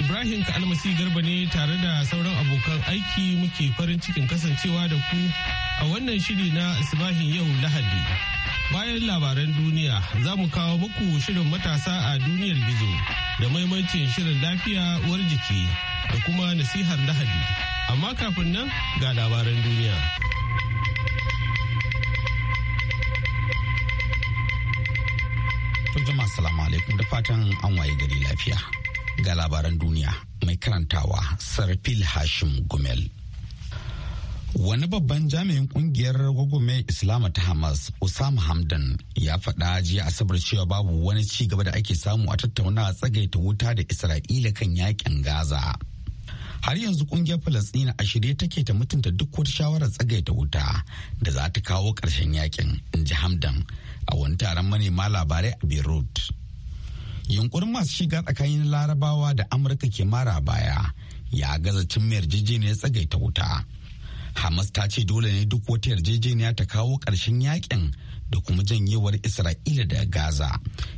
Ibrahim Kalmasi Garba ne tare da sauran abokan aiki muke farin cikin kasancewa da ku a wannan shiri na Sibahin yau Lahadi. Bayan labaran duniya za mu kawo muku shirin matasa a duniyar gizo da maimacin shirin lafiya uwar jiki da kuma nasihar Lahadi. Amma kafin nan ga labaran duniya. Jama'a salamu alaikum da fatan an waye gari lafiya. ga labaran duniya mai karantawa sarfil hashim gumel wani babban jami'in kungiyar gwagwame islama ta hamas usama hamdan ya faɗa jiya asabar cewa babu wani ci gaba da ake samu a tattauna tsagaita wuta da isra'ila kan yakin gaza har yanzu kungiyar falastina a shirye take ta mutunta duk wata shawarar tsagaita wuta da za ta kawo ƙarshen yakin in ji hamdan a wani taron manema labarai a beirut yunkurin masu shiga tsakanin larabawa da amurka ke mara baya ya gaza cin yarjejeniyar tsagaita wuta hamas ta ce dole ne duk wata yarjejeniya ta kawo ƙarshen yakin da kuma janyewar isra'ila da gaza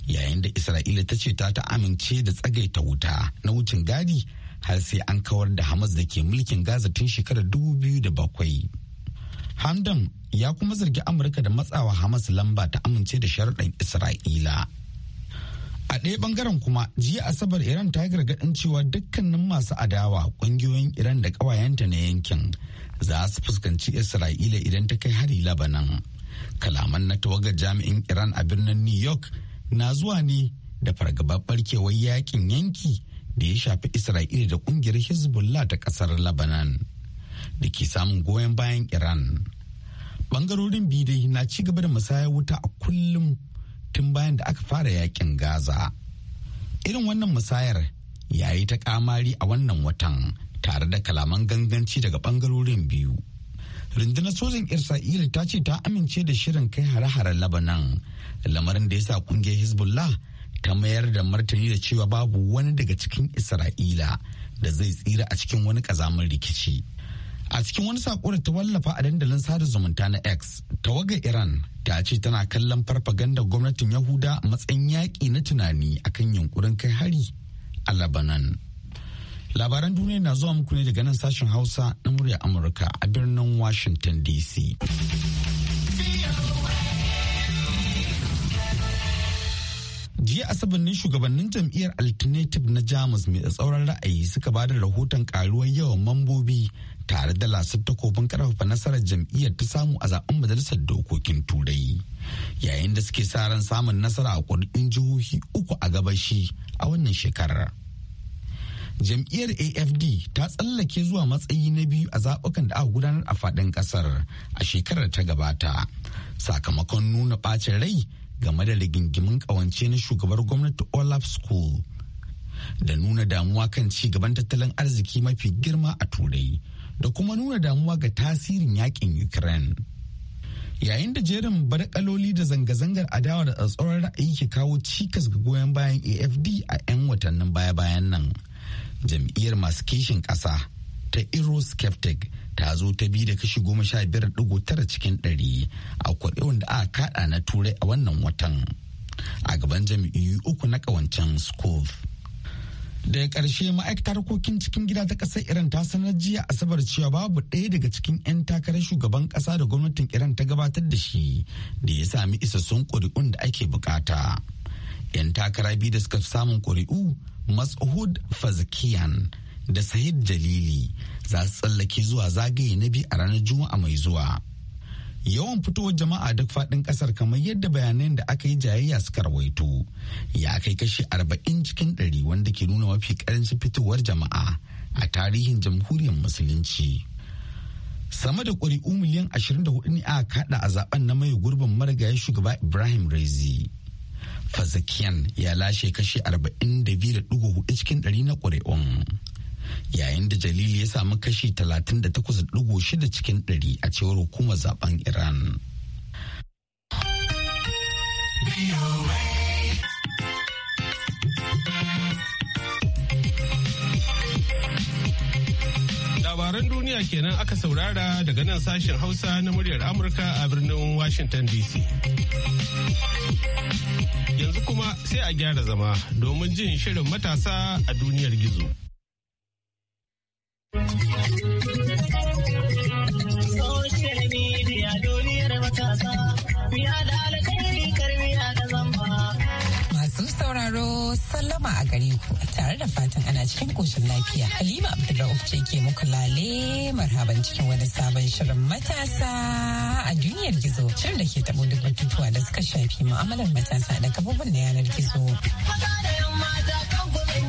yayin da isra'ila ta ce ta ta amince da tsagaita wuta na wucin gadi har sai an kawar da hamas da ke mulkin gaza tun shekarar dubu biyu da bakwai. hamdan ya kuma zargi amurka da matsawa hamas lamba ta amince da sharaɗin isra'ila A ɗaya bangaren kuma jiya Asabar Iran ta gargaɗin cewa dukkanin masu adawa ƙungiyoyin Iran da ƙawayenta na yankin za su fuskanci Isra'ila idan ta kai hari Labanan. Kalaman na tawagar jami'in Iran a birnin New York na zuwa ne da fargabar barkewar yakin yanki da ya shafi Isra'ila da ƙungiyar Hezbollah ta ƙasar Labanan da ke samun goyon bayan Iran. Bangarorin biyu dai na ci gaba da musayar wuta a kullum tun bayan da aka fara yakin Gaza. Irin wannan musayar ya yi ta kamari a wannan watan tare da kalaman ganganci daga bangarorin biyu. Rundunar sojin Isra'ila ta ce ta amince da shirin kai hare-haren Labanan, lamarin da ya sa kungiyar Hezbollah ta mayar da martani da cewa babu wani daga cikin Isra'ila da zai tsira a cikin wani ƙazamar rikici. A cikin wani sako da ta wallafa a dandalin sada zumunta na X, tawaga Iran ta ce tana kallon farfaganda gwamnatin Yahuda matsayin yaƙi na tunani akan yunkurin kai hari a Labanan. Labaran duniya na zuwa muku ne daga nan sashen Hausa na murya Amurka a birnin Washington DC. jiya asabar ne shugabannin jam'iyyar alternative na jamus mai tsauran ra'ayi suka bada rahoton karuwar yawan mambobi tare da lasar takobin karfafa nasarar jam'iyyar ta samu a zaben majalisar dokokin turai yayin da suke sa ran samun nasara a kudin jihohi uku a gabashi a wannan shekarar jam'iyyar afd ta tsallake zuwa matsayi na biyu a zaɓukan da aka gudanar a faɗin ƙasar a shekarar ta gabata sakamakon nuna ɓacin rai game da rigingimin ƙawance na shugabar gwamnati olaf school da nuna damuwa kan ci gaban tattalin arziki mafi girma a turai da kuma nuna damuwa ga tasirin yakin Ukraine. Yayin da jerin barkaloli da zanga-zangar adawa da tsatsauran ra'ayi ke kawo cikas ga goyon bayan AFD a 'yan watannin baya-bayan nan. Jam'iyyar masu kishin kasa ta Euroskeptic ta zo ta bi da kashi goma sha biyar dugu tara cikin ɗari a kwaɗe wanda aka kaɗa na turai a wannan watan. A gaban jam'iyyu uku na ƙawancen Scove. daga ƙarshe ma'aikatar harkokin cikin gida ta ƙasar iran ta sanar jiya asabar cewa babu ɗaya daga cikin 'yan takarar shugaban ƙasa da gwamnatin iran ta gabatar da shi da ya sami isassun ƙuri'un da ake bukata 'yan takara biyu da suka fi samun ƙuri'u mas'ud fazakiyan da sahid jalili za su tsallake zuwa zagaye na biyu a ranar juma'a mai zuwa yawan fitowar jama'a duk faɗin ƙasar kamar yadda bayanan da aka yi jayayya suka rawaito ya kai kashi arba'in cikin ɗari wanda ke nuna mafi ƙaranci fitowar jama'a a tarihin jamhuriyar musulunci sama da ƙuri'u miliyan 24 ne aka kaɗa a zaben na mai gurbin marigayi shugaba ibrahim rezi fazakiyan ya lashe kashi 42.4 cikin ɗari na ƙuri'un yayin da jalili ya samu kashi 38.6 cikin 100 a cewar hukumar zaben iran labaran duniya kenan aka saurara daga nan sashen hausa na muryar amurka a birnin washington dc yanzu kuma sai a gyara zama domin jin shirin matasa a duniyar gizo Masu sauraro sallama a gare ku tare da fatan ana cikin koshin lafiya. Halima Abdullahi ce ke muku lale marhaban cikin wani sabon shirin matasa a duniyar gizo. Shirin da ke taɓo duk batutuwa da suka shafi mu'amalar matasa da kafofin na yanar gizo. Maza da yan mata kan gudun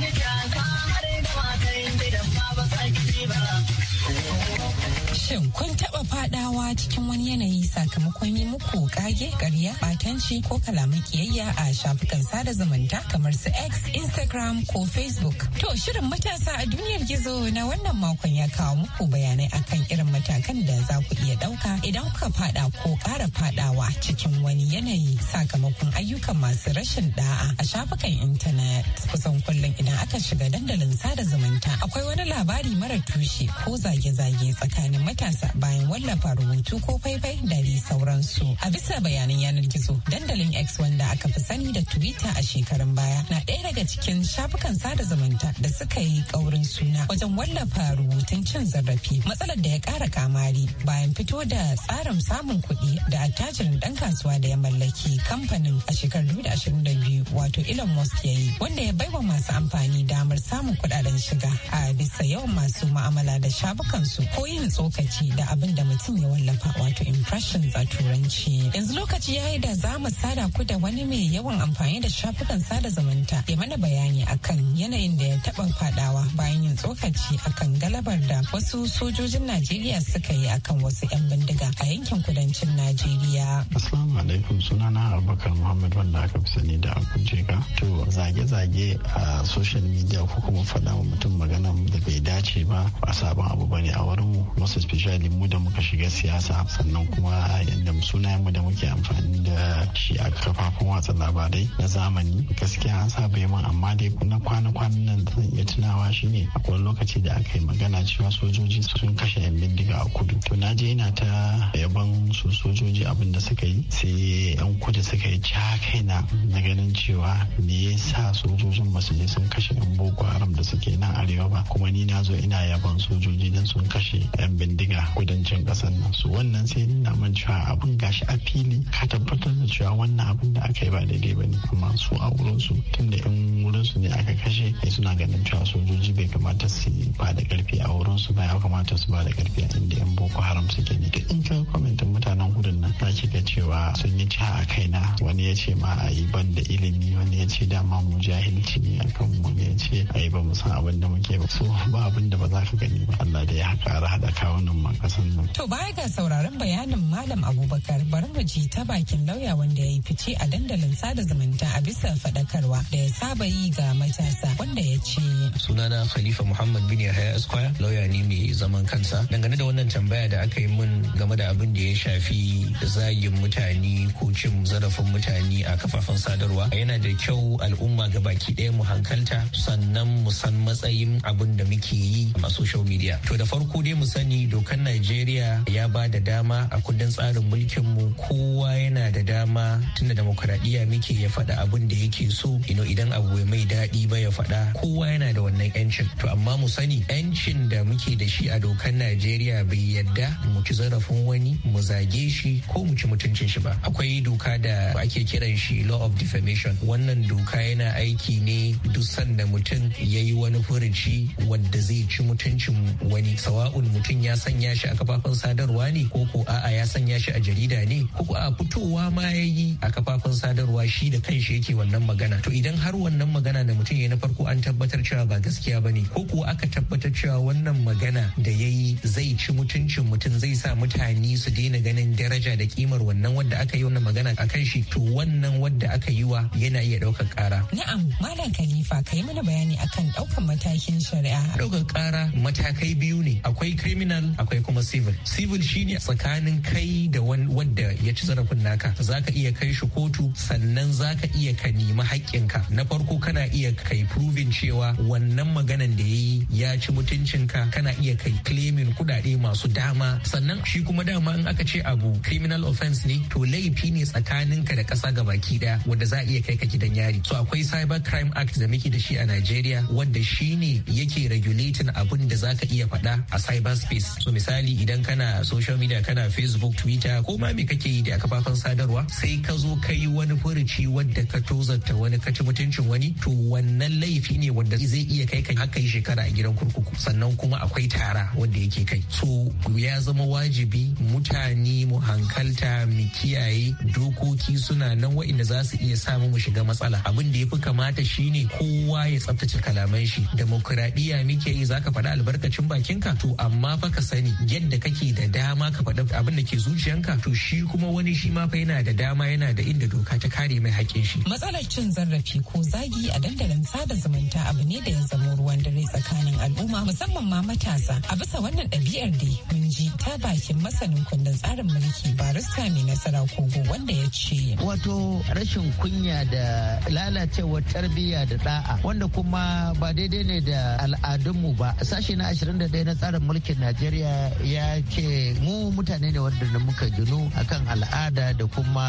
Shiva. Shin kun taɓa faɗawa cikin wani yanayi sakamakon yi muku kage, ƙarya, ɓatanci ko kalaman kiyayya a shafukan sada zumunta kamar su X, Instagram ko Facebook. To shirin matasa a duniyar gizo na wannan makon ya kawo muku bayanai akan irin matakan da za ku iya ɗauka idan kuka faɗa ko ƙara faɗawa cikin wani yanayi sakamakon ayyukan masu rashin da'a a shafukan intanet. Kusan kullum idan aka shiga dandalin sada zumunta akwai wani labari mara tushe ko zage-zage tsakanin matasa bayan wallafa rubutu ko faifai da dai sauransu. A bisa bayanan yanar gizo, dandalin X wanda aka fi sani da Twitter a shekarun baya na ɗaya daga cikin shafukan sada zumunta da suka yi ƙaurin suna wajen wallafa rubutun cin zarafi matsalar da ya kara kamari bayan fito da tsarin samun kuɗi da attajirin ɗan kasuwa da ya mallaki kamfanin a shekarar 2022 wato Elon Musk ya yi wanda ya baiwa masu amfani damar samun kuɗaɗen shiga a bisa yawan masu ma'amala da shafukansu ko yin tsokaci lokaci da abin da mutum ya wallafa wato impressions a turanci. Yanzu lokaci ya yi da za mu sada ku da wani mai yawan amfani da shafukan sada zumunta ya mana bayani akan yanayin da ya taɓa fadawa bayan yin tsokaci akan galabar da wasu sojojin Najeriya suka yi akan wasu 'yan bindiga a yankin kudancin Najeriya. Assalamu alaikum na Abubakar Muhammad wanda aka fi sani da Abuja. To zage-zage a social media ko kuma faɗa mutum magana da bai dace ba a sabon abu bane a wurin mu especially mu da muka shiga siyasa sannan kuma yadda sunayen mu da muke amfani da shi a kafafun watsa labarai na zamani gaskiya an sa bai man amma dai na kwana-kwanan nan zan iya tunawa shine akwai lokaci da aka yi magana cewa sojoji sun kashe yan bindiga a kudu to na je ina ta yaban su sojoji abin da suka yi sai yan kudu suka yi ca kaina na ganin cewa me yasa sojojin ba su je sun kashe yan boko haram da suke nan arewa ba kuma ni na zo ina yaban sojoji dan sun kashe yan bindiga bindiga kudancin kasar nan su wannan sai nuna man cewa abin gashi a fili ka tabbatar da cewa wannan abin da aka yi ba daidai ba ne kuma su a wurin su tun yan wurin su ne aka kashe sai suna ganin cewa sojoji bai kamata su ba da karfi a wurin su ba ya kamata su ba da karfi a inda yan boko haram suke ne in ka kwamitin mutanen gudun nan ta ce ga cewa sun yi ciha a kai na wani ya ce ma a yi ban da ilimi wani ya ce dama mu jahilci ne kan mu ne ya ce a yi ba mu san abin da muke ba so ba abin da ba za ka gani ba Allah da ya kara haɗa kawo al'aunin kasan nan. To baya ga sauraron bayanin Malam Abubakar bari mu ji ta bakin lauya wanda ya yi fice a dandalin sada zumunta a bisa faɗakarwa da ya saba yi ga matasa wanda ya ce. Sunana Khalifa Muhammad bin Yahya Esquire lauya ne mai zaman kansa. Dangane da wannan tambaya da aka yi min game da abin da ya shafi zagin mutane ko cin zarafin mutane a kafafen sadarwa yana da kyau al'umma ga baki ɗaya mu hankalta sannan mu san matsayin abin da muke yi a social media. To da farko dai mu sani dokan najeriya ya ba da dama a kundin tsarin mulkin mu kowa yana da dama tunda demokradiyya muke ya faɗa abin da yake so ino idan abu bai mai daɗi ba ya faɗa kowa yana da wannan yancin to amma mu sani yancin da muke da shi a dokan najeriya bai yadda mu ci zarafin wani mu zage shi ko mu ci mutuncin shi ba akwai doka da ake kiran shi law of defamation wannan doka yana aiki ne duk sanda mutum ya yi wani furuci wanda zai ci mutuncin wani sawa'un mutum ya sanya shi a kafafen sadarwa ne ko ko a'a ya sanya shi a jarida ne ko a fitowa ma ya yi a kafafen sadarwa shi da kanshi yake wannan magana to idan har wannan magana da mutum ya na farko an tabbatar cewa ba gaskiya ba ne ko ko aka tabbatar cewa wannan magana da ya yi zai ci mutuncin mutum zai sa mutane su daina ganin daraja da kimar wannan wanda aka yi wannan magana a kan shi to wannan wanda aka yi wa yana iya ɗaukar kara Na'am Malam Khalifa ka yi mana bayani akan ɗaukar matakin shari'a. Ɗaukar kara matakai biyu ne akwai criminal akwai kuma civil civil shine tsakanin kai da wanda ya ci zarafin naka zaka iya kai shi kotu sannan zaka iya ka nemi haƙƙinka na farko kana iya kai proven cewa wannan maganan da yayi ya ci mutuncinka kana iya kai claiming kudade masu dama sannan shi kuma dama in aka ce abu criminal offense ne to laifi ne tsakaninka da ƙasa gabaki daya wanda za a iya kai ka gidan yari so akwai cyber crime act da muke da shi a Najeriya wanda shine yake regulating abun da zaka iya faɗa a cyber space so misali idan kana social media kana facebook twitter ko ma me kake yi da kafafen sadarwa sai ka zo kai wani furuci wadda ka tozarta wani ka ci mutuncin wani to wannan laifi ne wanda zai iya kai ka haka yi shekara a gidan kurkuku sannan kuma akwai tara wanda yake kai so ya zama wajibi mutane mu hankalta mu kiyaye dokoki suna nan waɗanda za su iya samu mu shiga matsala abin da ya fi kamata shine kowa ya tsaftace kalaman shi demokradiya muke yi zaka faɗa albarkacin bakinka to amma fa ka sani yadda kake da dama ka faɗa abin da ke zuciyanka to shi kuma wani shi ma fa yana da dama yana da inda doka ta kare mai haƙƙin shi. Matsalar cin zarafi ko zagi a dandalin sada zumunta abu ne da ya zama ruwan dare tsakanin al'umma musamman ma matasa a bisa wannan ɗabi'ar da mun ji ta bakin masanin kundin tsarin mulki barista mai nasara kogo wanda ya ce. Wato rashin kunya da lalacewar tarbiyya da da'a wanda kuma ba daidai ne da al'adunmu ba. Sashi na 21 na tsarin mulkin Najeriya ya ce mu mutane ne wanda muka ginu akan al'ada da kuma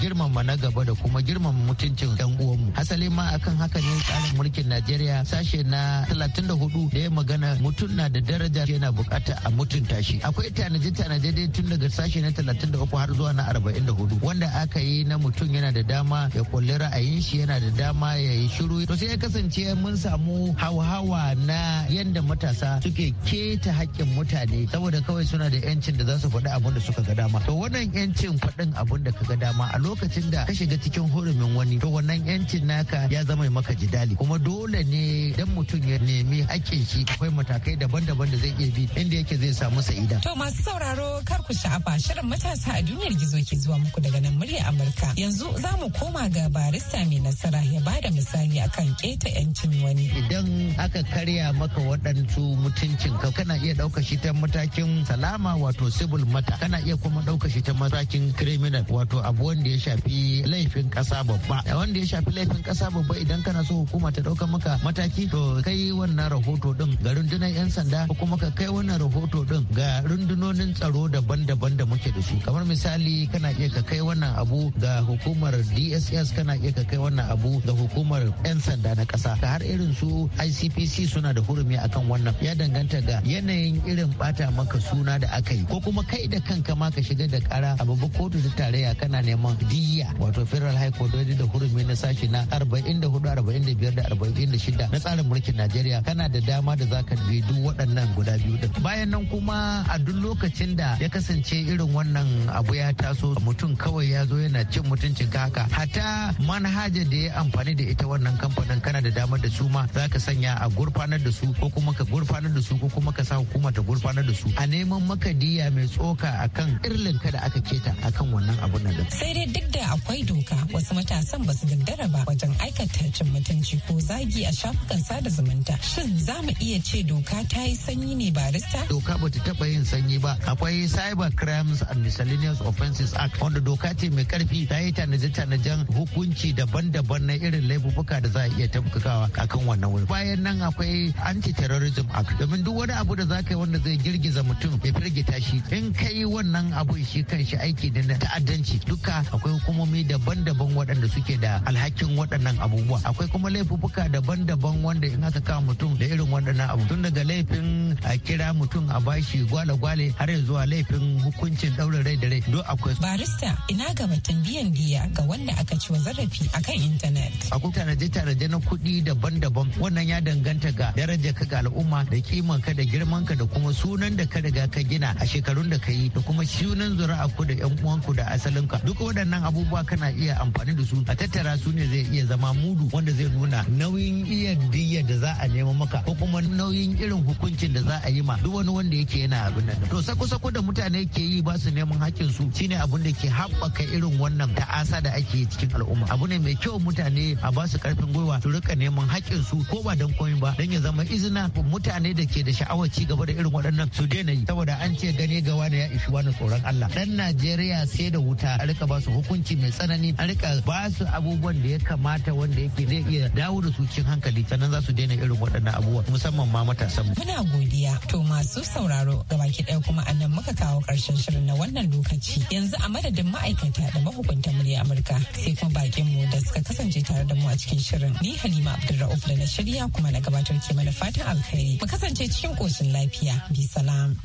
girmama na gaba da kuma girmama mutuncin yan uwanmu. Hasali ma akan haka ne tsarin mulkin Najeriya sashe na 34 da ya magana mutum na da daraja yana bukata a mutunta shi. Akwai akwai tanaje-tanaje dai tun daga sashe na 33 har zuwa na 44 wanda aka yi na mutum yana da dama ya kulli ra'ayin shi yana da dama ya yi shiru to sai ya kasance mun samu hauhawa na yadda matasa suke keta haƙƙin mutane saboda kawai suna da yancin da za su faɗi abin da suka ga dama to wannan yancin faɗin abun da ka ga dama a lokacin da ka shiga cikin hurumin wani to wannan yancin naka ya zama maka jidali kuma dole ne dan mutum ya nemi haƙƙin shi akwai matakai daban-daban da zai iya bi inda yake zai samu sa'ida to masu sauraro kar ku sha'afa shirin matasa a duniyar gizo ke zuwa muku daga nan murya Amurka. Yanzu za mu koma ga barista mai nasara ya ba da misali akan keta yancin wani. Idan aka karya maka waɗansu mutuncin ka kana iya ɗauka shi ta matakin salama wato civil mata kana iya kuma ɗauka shi ta matakin criminal wato abu wanda ya shafi laifin ƙasa babba. Wanda ya shafi laifin ƙasa babba idan kana so hukuma ta ɗauka maka mataki to kai wannan rahoto ɗin ga rundunar 'yan sanda ko kuma ka kai wannan rahoto ɗin ga rundunar rundunonin tsaro daban-daban da muke da su kamar misali kana iya ka kai wannan abu ga hukumar dss kana iya ka kai wannan abu ga hukumar 'yan sanda na kasa da har irin su icpc suna da hurumi akan wannan ya danganta ga yanayin irin bata maka suna da aka yi ko kuma kai da kanka ma ka shiga da kara a babbar kotu ta tarayya kana neman diya wato federal high court wadda da hurumi na sashi na 44 45 da 46 na tsarin mulkin najeriya kana da dama da zaka bi duk waɗannan guda biyu din bayan nan kuma a duk lokacin da ya kasance irin wannan abu ya taso mutum kawai ya zo yana cin mutuncin ka haka hatta manhajar da ya amfani da ita wannan kamfanin kana da damar da su ma za ka sanya a gurfanar da su ko kuma ka gurfanar da su ko kuma ka sa hukuma ta gurfanar da su a neman makadiya mai tsoka akan irin ka da aka keta akan wannan abun nan sai dai duk da akwai doka wasu matasan ba su gaddara ba wajen aikata cin mutunci ko zagi a shafukan sada zumunta shin za mu iya ce doka ta yi sanyi ne barista doka ba ta taba yin sanyi yi ba akwai cyber crimes and miscellaneous offenses act wanda doka ce mai karfi ta yi tanaje-tanajen hukunci daban-daban na irin laifuka da za a iya a akan wannan wuri bayan nan akwai anti-terrorism act domin duk wani abu da za ka yi wanda zai girgiza mutum ya firgita shi in ka yi wannan abu shi kan shi aiki ne na ta'addanci duka akwai hukumomi daban-daban waɗanda suke da alhakin waɗannan abubuwa akwai kuma laifuka daban-daban wanda in aka kama mutum da irin waɗannan abu tun daga laifin a kira mutum a bashi gwale-gwale misali har yanzu laifin hukuncin ɗaurin rai da rai duk akwai. Barista ina ga batun biyan diya ga wanda aka ci wa zarafi akan intanet. Akwai tanaje-tanaje na kuɗi daban-daban wannan ya danganta ga daraja ka ga al'umma da kiman ka da girman ka da kuma sunan da ka riga ka gina a shekarun da ka yi da kuma sunan zuri'a ku da yan uwanku da asalin ka duk waɗannan abubuwa kana iya amfani da su a tattara su ne zai iya zama mudu wanda zai nuna nauyin iya diyya da za a nemo maka ko kuma nauyin irin hukuncin da za a yi ma duk wani wanda yake yana abin nan to sako-sako da mutane ke yi ba su neman hakkin su shine abun da ke haɓaka irin wannan ta'asa da ake cikin al'umma abu ne mai kyau mutane a ba su karfin gwiwa su rika neman hakkin su ko ba don komai ba don ya zama izina mutane da ke da sha'awar ci gaba da irin waɗannan su daina yi saboda an ce gane ga wani ya ishi wani tsoron Allah dan Najeriya sai da wuta a rika ba su hukunci mai tsanani a rika ba su abubuwan da ya kamata wanda yake zai iya dawo da su cikin hankali sannan za su daina irin waɗannan abubuwa musamman ma matasan mu. muna godiya to masu sauraro gabaki ɗaya kuma a nan muka kawo ƙarshen shirin na wannan lokaci yanzu a madadin ma'aikata da mahukuntan murya amurka sai kuma bakin mu da suka kasance tare da mu a cikin shirin ni halima abdulra'uf da na shirya kuma na gabatar ke mana fatan alkhairi mu kasance cikin ƙoshin lafiya bi salam.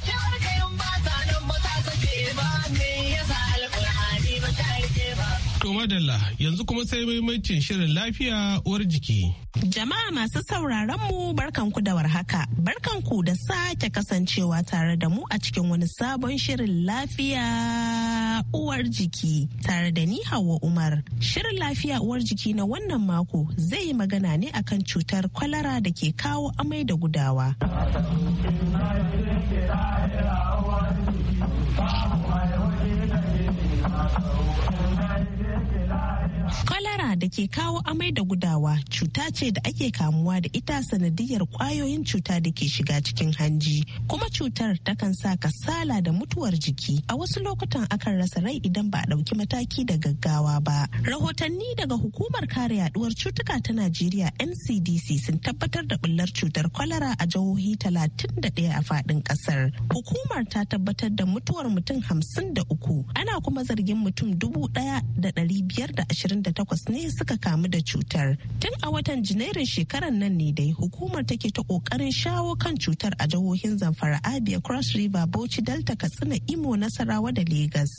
To madalla yanzu kuma sai muhimmancin shirin lafiya uwar jiki. Jama'a masu sauraron mu barkan barkanku da warhaka. ku da sake kasancewa tare da mu a cikin wani sabon shirin lafiya uwar jiki tare da ni Hauwa Umar. Shirin lafiya uwar jiki na wannan mako zai yi magana ne akan cutar kwalara da ke kawo amai da gudawa. ¿Cuál da ke kawo amai da gudawa cuta ce da ake kamuwa da ita sanadiyar kwayoyin cuta da ke shiga cikin hanji kuma cutar takan sa kasala da mutuwar jiki a wasu lokutan akan rasa rai idan ba a ɗauki mataki da gaggawa ba rahotanni daga hukumar kare yaduwar cutuka ta najeriya ncdc sun tabbatar da bullar cutar kwalara a jihohi 31 a faɗin ƙasar hukumar ta tabbatar da mutuwar mutum 53 ana kuma zargin mutum dubu 1528 ne ne suka kamu da cutar. Tun a watan Janairun shekarar nan ne dai hukumar take ta kokarin shawo kan cutar a jihohin Zamfara Abia Cross River Bauchi Delta Katsina Imo Nasarawa da Legas.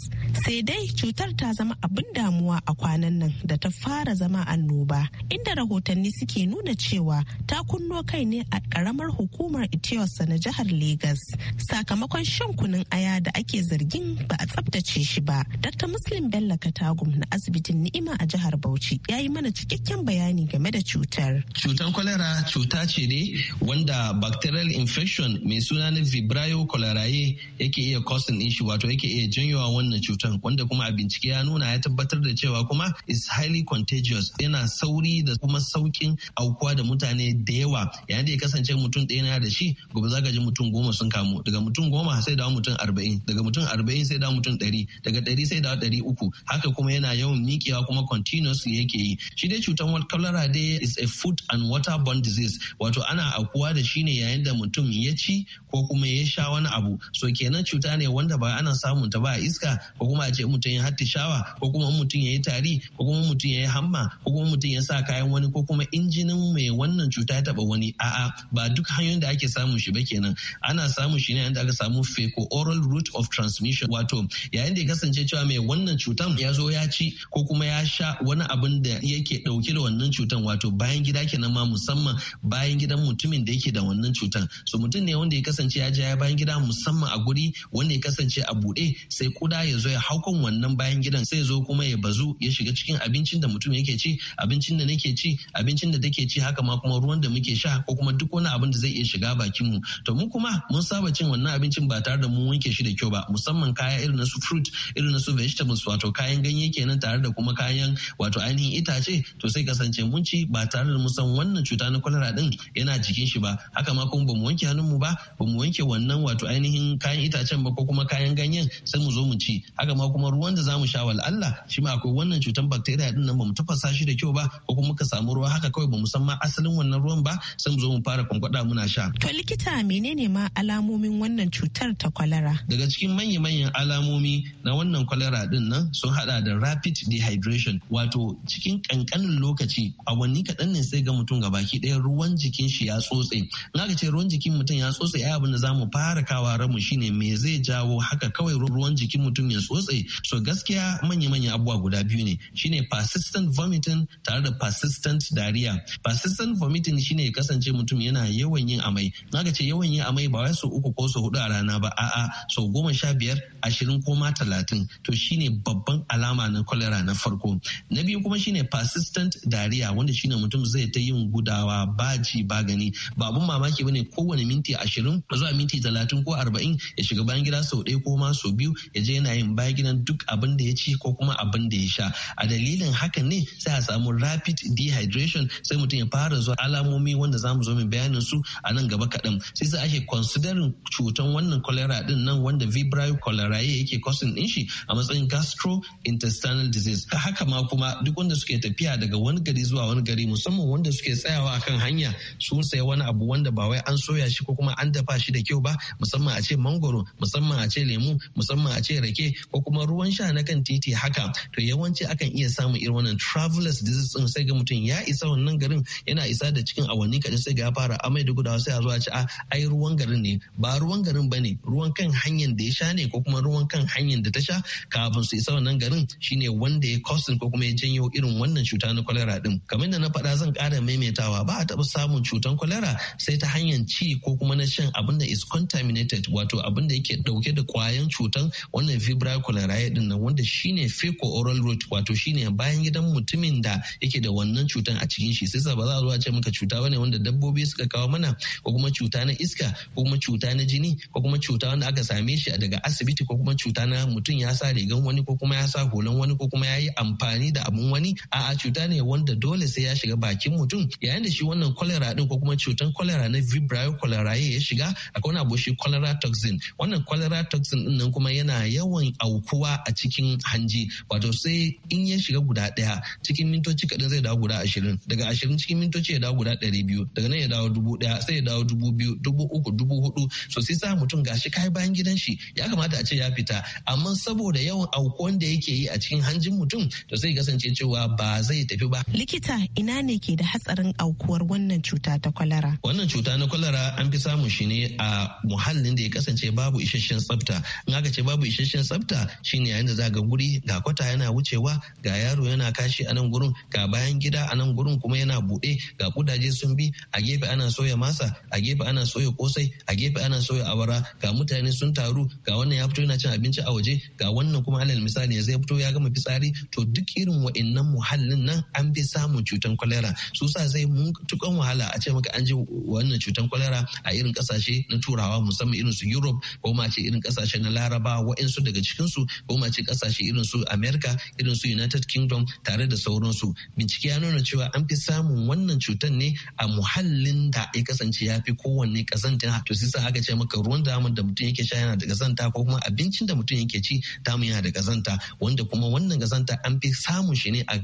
Sai dai cutar ta zama abin damuwa a kwanan nan da ta fara zama annoba inda rahotanni suke nuna cewa ta kunno kai ne a karamar hukumar Itiyosa na jihar Legas sakamakon shan kunun aya da ake zargin ba a tsabtace shi ba. Dr. Muslim Bello Katagum na asibitin Ni'ima a jihar Bauchi ya yi mana cikakken bayani game da cutar. Cutar kwalara cuta ce ne wanda bacterial infection mai suna na Vibrio cholerae yake iya causing inshi wato yake iya janyowa wannan cutar wanda kuma a bincike ya nuna ya tabbatar da cewa kuma is highly contagious yana sauri da kuma saukin aukuwa da mutane da yawa yayin da ya kasance mutum ɗaya na da shi gobe za ka ji mutum goma sun kamu daga mutum goma sai dawo mutum arba'in daga mutum arba'in sai dawo mutum ɗari daga ɗari sai dawo ɗari uku haka kuma yana yawan miƙewa kuma continuously yake yi shi dai cutar cholera dai is a food and water borne disease wato ana akuwa da shi ne yayin da mutum ya ci ko kuma ya sha wani abu so kenan cuta ne wanda ba ana samun ta ba a iska ko kuma a ce mutum ya shawa ko kuma mutum ya yi tari ko kuma mutum ya yi hamma ko kuma mutum ya sa kayan wani ko kuma injinin mai wannan cuta ya taba wani a'a ba duk hanyoyin da ake samun shi ba kenan ana samun shi ne yayin da aka samu feco oral route of transmission wato yayin da ya kasance cewa mai wannan cutan ya zo ya ci ko kuma ya sha wani abin wanda yake dauke da wannan cutan wato bayan gida kenan ma musamman bayan gidan mutumin da yake da wannan cutan so mutum ne wanda ya kasance ya ja bayan gida musamman a guri wanda ya kasance a bude sai kuda ya zo ya haukan wannan bayan gidan sai zo kuma ya bazu ya shiga cikin abincin da mutum yake ci abincin da nake ci abincin da take ci haka ma kuma ruwan da muke sha ko kuma duk wani abin da zai iya shiga bakin mu to mu kuma mun saba cin wannan abincin ba tare da mun wanke shi da kyau ba musamman kaya irin na su fruit irin na su vegetables wato kayan ganye kenan tare da kuma kayan wato ainihin ainihin itace to sai kasance mun ci ba tare da mu san wannan cuta na kwalara din yana jikin shi ba haka ma kuma bamu wanke hannun mu ba bamu wanke wannan wato ainihin kayan itacen ba ko kuma kayan ganyen sai mu zo mu ci haka ma kuma ruwan da zamu sha wal Allah shi ma akwai wannan cutan bacteria din nan bamu tafasa shi da kyau ba ko kuma ka samu ruwa haka kawai bamu san ma asalin wannan ruwan ba sai mu zo mu fara kwankwada muna sha to likita menene ma alamomin wannan cutar ta kwalara daga cikin manya-manyan alamomi na wannan kwalara din nan sun hada da rapid dehydration wato cikin kankanin lokaci awanni kaɗan ne sai ga mutum ga baki ɗaya ruwan jikin shi ya tsotse na ga ce ruwan jikin mutum ya tsotse ai abin da mu fara kawa ramu shine me zai jawo haka kawai ruwan jikin mutum ya tsotse so gaskiya manya manya abubuwa guda biyu ne shine persistent vomiting tare da persistent diarrhea persistent vomiting shine ya kasance mutum yana yawan yin amai ga ce yawan yin amai ba wai su uku ko su hudu a rana ba a'a so goma sha biyar ashirin ko ma talatin to shine babban alama na cholera na farko na biyu kuma shine persistent diarrhea wanda shine mutum zai ta yin gudawa ba bagani ba gani ba abun mamaki bane kowane minti ashirin zuwa minti talatin ko arba'in ya shiga bayan gida sau ɗaya ko ma sau biyu ya je yana yin bayan gidan duk abin da ya ci ko kuma abin da ya sha a dalilin haka ne sai a samu rapid dehydration sai mutum ya fara zuwa alamomi wanda zamu zo mu bayanin su a nan gaba kaɗan sai sai ake considering cutan wannan cholera din nan wanda vibrio cholerae yake causing din shi a matsayin gastrointestinal disease haka ma kuma duk wanda suke tafiya daga wani gari zuwa wani gari musamman wanda suke tsayawa akan hanya sun sayi wani abu wanda ba wai an soya shi ko kuma an dafa shi da kyau ba musamman a ce mangoro musamman a ce lemu musamman a ce rake ko kuma ruwan sha na kan titi haka to yawanci akan iya samun irin wannan travelers disease din sai ga mutum ya isa wannan garin yana isa da cikin awanni kaɗan sai ga ya fara amai da gudawa sai a zo a ce a ah, ai ruwan garin ne ba ruwan garin ne ruwan kan hanyar da ya sha ne ko kuma ruwan kan hanyar da ta sha kafin su isa wannan garin shine wanda ya kosin ko kuma ya janyo irin wannan cuta na kwalera din kamar da na faɗa zan ƙara maimaitawa ba a taɓa samun cutan kwalera sai ta hanyar ci ko kuma na shan abin da is contaminated wato abin da yake ɗauke da ƙwayan cutan wannan fibra cholerae din nan wanda shine fecal oral route wato shine bayan gidan mutumin da yake da wannan cutan a cikin shi sai ba za a zo a ce maka cuta bane wanda dabbobi suka kawo mana ko kuma cuta na iska ko kuma cuta na jini ko kuma cuta wanda aka same shi daga asibiti ko kuma cuta na mutum ya sa rigan wani ko kuma ya sa hulan wani ko kuma ya yi amfani da abun wani a'a cuta ne wanda dole sai ya shiga bakin mutum yayin da shi wannan cholera din ko kuma cutan cholera na vibrio cholerae ya shiga akwai wani abu shi cholera toxin wannan cholera toxin din nan kuma yana yawan aukuwa a cikin hanji wato sai in ya shiga guda daya cikin mintoci kadan zai dawo guda ashirin daga ashirin cikin mintoci ya dawo guda ɗari biyu daga nan ya dawo dubu ɗaya sai ya dawo dubu biyu dubu uku dubu hudu so sai sa mutum gashi kai bayan gidan shi ya kamata a ce ya fita amma saboda yawan aukuwan da yake yi a cikin hanjin mutum to sai kasance cewa cewa ba zai tafi ba. Likita ina ne ke da hatsarin aukuwar wannan cuta ta kwalara? Wannan cuta na kwalara an fi samun shi ne a muhallin da ya kasance babu isasshen tsafta. In aka ce babu isasshen tsafta shine yayin da za ga guri ga kwata yana wucewa ga yaro yana kashi a nan gurin ga bayan gida a nan gurin kuma yana buɗe ga kudaje sun bi a gefe ana soya masa a gefe ana soya kosai a gefe ana soya awara ga mutane sun taru ga wannan ya fito yana cin abinci a waje ga wannan kuma alal misali ya zai fito ya gama fitsari to duk irin wa'annan muhallin nan an fi samun cutan kwalera su sa zai tukan wahala a ce maka an ji wannan cutan kwalera a irin kasashe na turawa musamman irin su europe ko ma ce irin kasashe na laraba waɗansu daga cikin su ko ma ce kasashe irin su america irin su united kingdom tare da sauransu bincike ya nuna cewa an fi samun wannan cutan ne a muhallin da ya kasance ya fi kowanne kazanta to sai sa aka ce maka ruwan damun da mutum yake sha yana da kazanta ko kuma abincin da mutum yake ci damun yana da kazanta wanda kuma wannan kazanta an fi samun shi ne a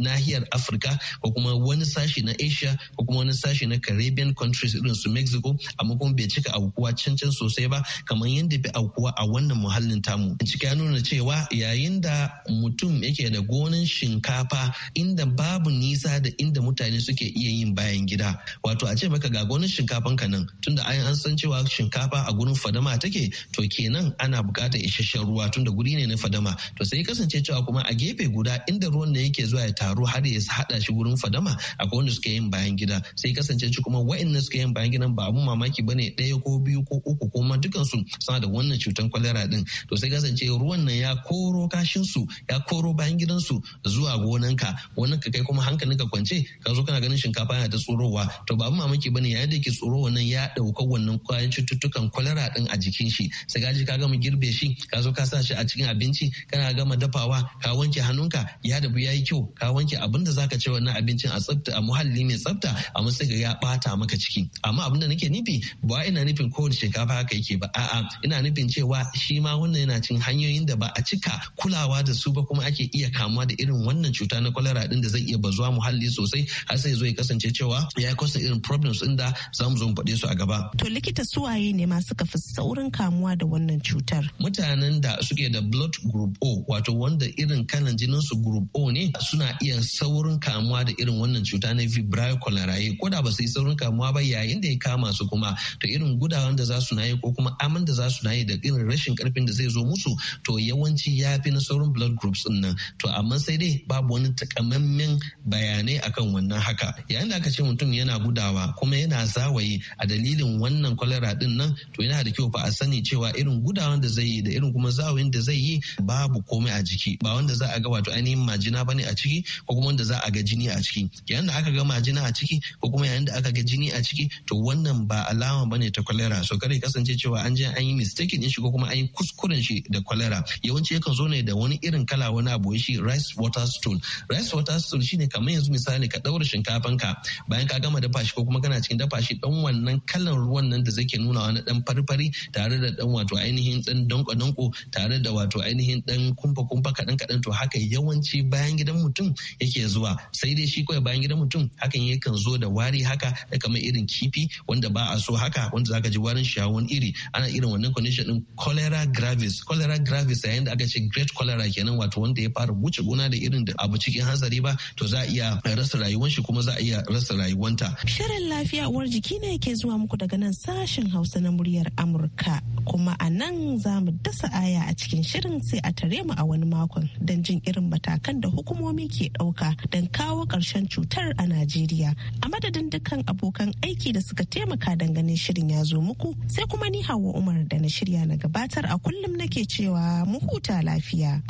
nahiyar afirka ko kuma wani sashi na asia ko kuma wani sashi na caribbean countries irin su mexico amma kuma bai cika aukuwa cancan sosai ba kamar yadda bai aukuwa a wannan muhallin tamu bincike ya nuna cewa yayin da mutum yake da gonan shinkafa inda babu nisa da inda mutane suke iya yin bayan gida wato a ce maka ga gonan shinkafan ka nan tunda an an san cewa shinkafa a gurin fadama take to kenan ana buƙatar isasshen ruwa tunda guri ne na fadama to sai kasance cewa kuma a gefe guda inda ruwan ne yake zuwa ya taru har ya haɗa shi wurin fadama akwai wanda suka yin bayan gida sai kasance shi kuma wa'annan suka yin bayan gidan ba abun mamaki bane ɗaya ko biyu ko uku ko ma dukansu suna da wannan cutan kwalera din to sai kasance ruwan nan ya koro kashin su ya koro bayan gidansu zuwa gonanka ka kai kuma ka kwance ka zo kana ganin shinkafa yana ta tsorowa to ba abun mamaki bane yayin da ke tsoro wannan ya ɗauka wannan kwayan cututtukan kwalera din a jikin shi sai gaji ka gama girbe shi ka zo ka sa shi a cikin abinci kana gama dafawa ka wanke hannunka ya dabu ya yi. yi kyau ka wanke abin da zaka ce wannan abincin a tsafta a muhalli mai tsafta musu ga ya bata maka ciki amma abin da nake nufi ba ina nufin kowace shinkafa haka yake ba a'a ina nufin cewa shi ma wannan yana cin hanyoyin da ba a cika kulawa da su ba kuma ake iya kamuwa da irin wannan cuta na kwalara din da zai iya bazuwa muhalli sosai har sai zo ya kasance cewa ya kosa irin problems din da za mu zo mu faɗe su a gaba. To likita suwaye ne masu kafa saurin kamuwa da wannan cutar? Mutanen da suke da blood group O wato wanda irin kalan jinin su group O ne suna iya saurin kamuwa da irin wannan cuta na vibrio cholerae ko da ba su yi saurin kamuwa ba yayin da ya kama su kuma to irin gudawan da za su na yi ko kuma aman da za su na yi da irin rashin karfin da zai zo musu to yawanci ya fi na saurin blood groups din nan to amma sai dai babu wani takamammen bayanai akan wannan haka yayin da aka ce mutum yana gudawa kuma yana zawayi a dalilin wannan cholera din nan to yana da kyau fa a sani cewa irin gudawan da zai yi da irin kuma zawayin da zai yi babu komai a jiki ba wanda za a ga wato ainihin majina bane a ciki ko kuma wanda za a ga jini a ciki yayin da aka ga majina a ciki ko kuma yayin da aka ga jini a ciki to wannan ba alama bane ta cholera so kare kasance cewa an je an yi mistake din shi ko kuma an yi kuskuren shi da cholera yawanci yakan zo ne da wani irin kala wani abu shi rice water stool rice water stool shine kamar yanzu misali ka daura shinkafan ka bayan ka gama dafa shi ko kuma kana cikin dafa shi dan wannan kalan ruwan nan da zake nuna wani dan farfari tare da dan wato ainihin dan danko danko tare da wato ainihin dan kumfa kumfa kadan kadan to haka yawanci bayan gidan mutum yake zuwa sai dai shi kawai bayan gidan mutum hakan ya kan zo da wari haka da kamar irin kifi wanda ba a so haka wanda zaka ji warin shi wani iri ana irin wannan condition din cholera gravis cholera gravis yayin da aka ce great cholera kenan wato wanda ya fara wuce gona da irin da abu cikin hanzari ba to za a iya rasa rayuwar shi kuma za a iya rasa rayuwanta shirin lafiya uwar jiki ne yake zuwa muku daga nan sashen hausa na muryar amurka kuma a nan za mu dasa aya a cikin shirin sai a tare mu a wani makon don jin irin matakan da hukumar hukumomi ke ɗauka don kawo ƙarshen cutar a Najeriya. A madadin dukkan abokan aiki da suka taimaka dangane shirin ya zo muku sai kuma ni hawa Umar da na shirya na gabatar a kullum nake cewa mu huta lafiya.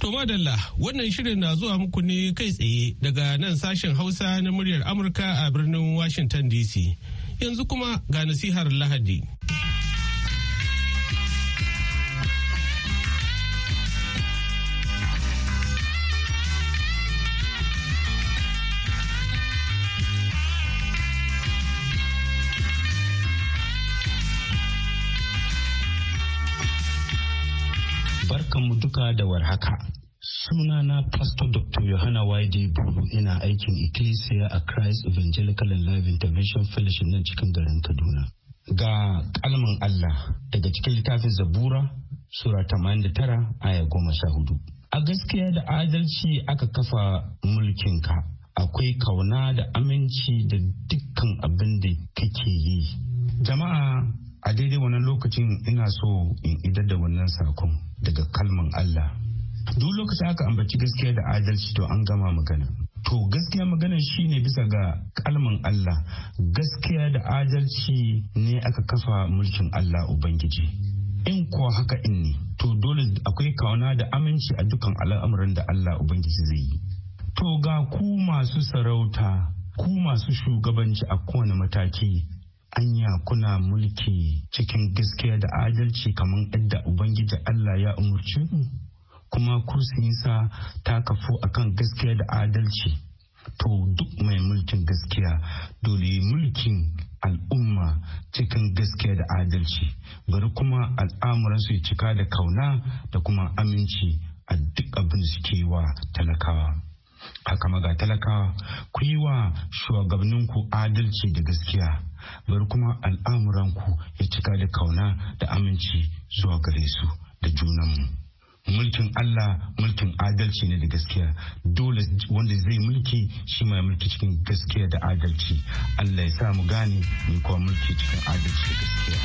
To madalla wannan shirin na zuwa muku ne kai tsaye daga nan sashen Hausa na muryar Amurka a birnin Washington DC. Yanzu kuma ga nasihar Lahadi. Barkanmu duka da warhaka. Sunana Pastor Dr. Yohana YD Buru ina aikin Ecclesia a Christ Evangelical and Life Intervention Fellowship nan cikin garin Kaduna. Ga kalman Allah daga cikin littafin Zabura Sura 89 aya goma sha hudu. A gaskiya da adalci aka kafa mulkinka akwai kauna da aminci da dukkan abin da kake yi. Jama'a a daidai wannan lokacin ina so in idar da wannan sakon daga kalman Allah. duk lokacin aka ambaci gaskiya da adalci to an gama magana to gaskiya magana shine bisa ga kalman Allah gaskiya da adalci ne aka kafa mulkin Allah ubangiji in ko haka in ne to dole akwai kauna da aminci a dukan al'amuran da Allah ubangiji zai yi to ga ku masu sarauta ku masu shugabanci a kowane mataki anya kuna mulki cikin gaskiya da adalci kamar yadda ubangiji Allah ya umurce mu kuma kursiyinsa ta kafu akan gaskiya da adalci to duk mai mulkin gaskiya dole mulkin al'umma cikin gaskiya da adalci bari kuma al'amuransu ya cika da kauna da kuma aminci a duk abin suke wa talakawa haka ga talakawa ku yi wa shugabanninku adalci da gaskiya bari kuma al'amuranku ya cika da kauna da aminci zuwa gare su da junanmu mulkin Allah mulkin adalci ne da gaskiya dole wanda zai mulki shi mai mulki cikin gaskiya da adalci Allah ya sa mu gane mu kuma mulki cikin adalci da gaskiya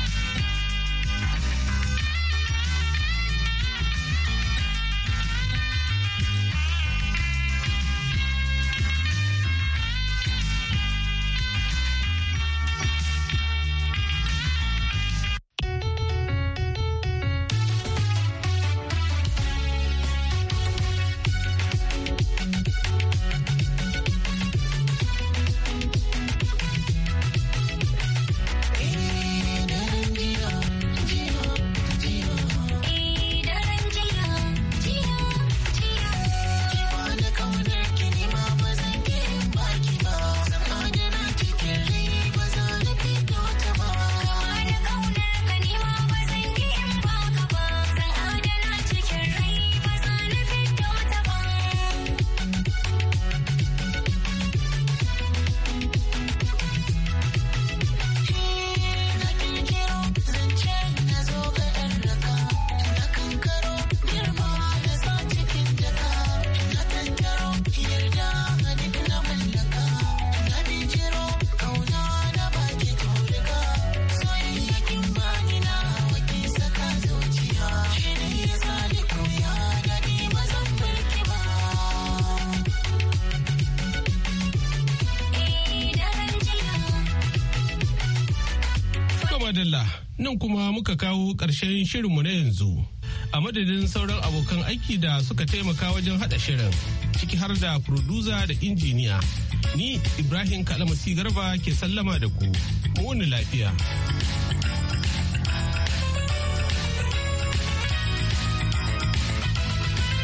muka kawo ƙarshen shirinmu na yanzu. A madadin sauran abokan aiki da suka taimaka wajen haɗa shirin, ciki har da furduza da injiniya. Ni Ibrahim Kalamasi Garba ke sallama da ku, mu lafiya.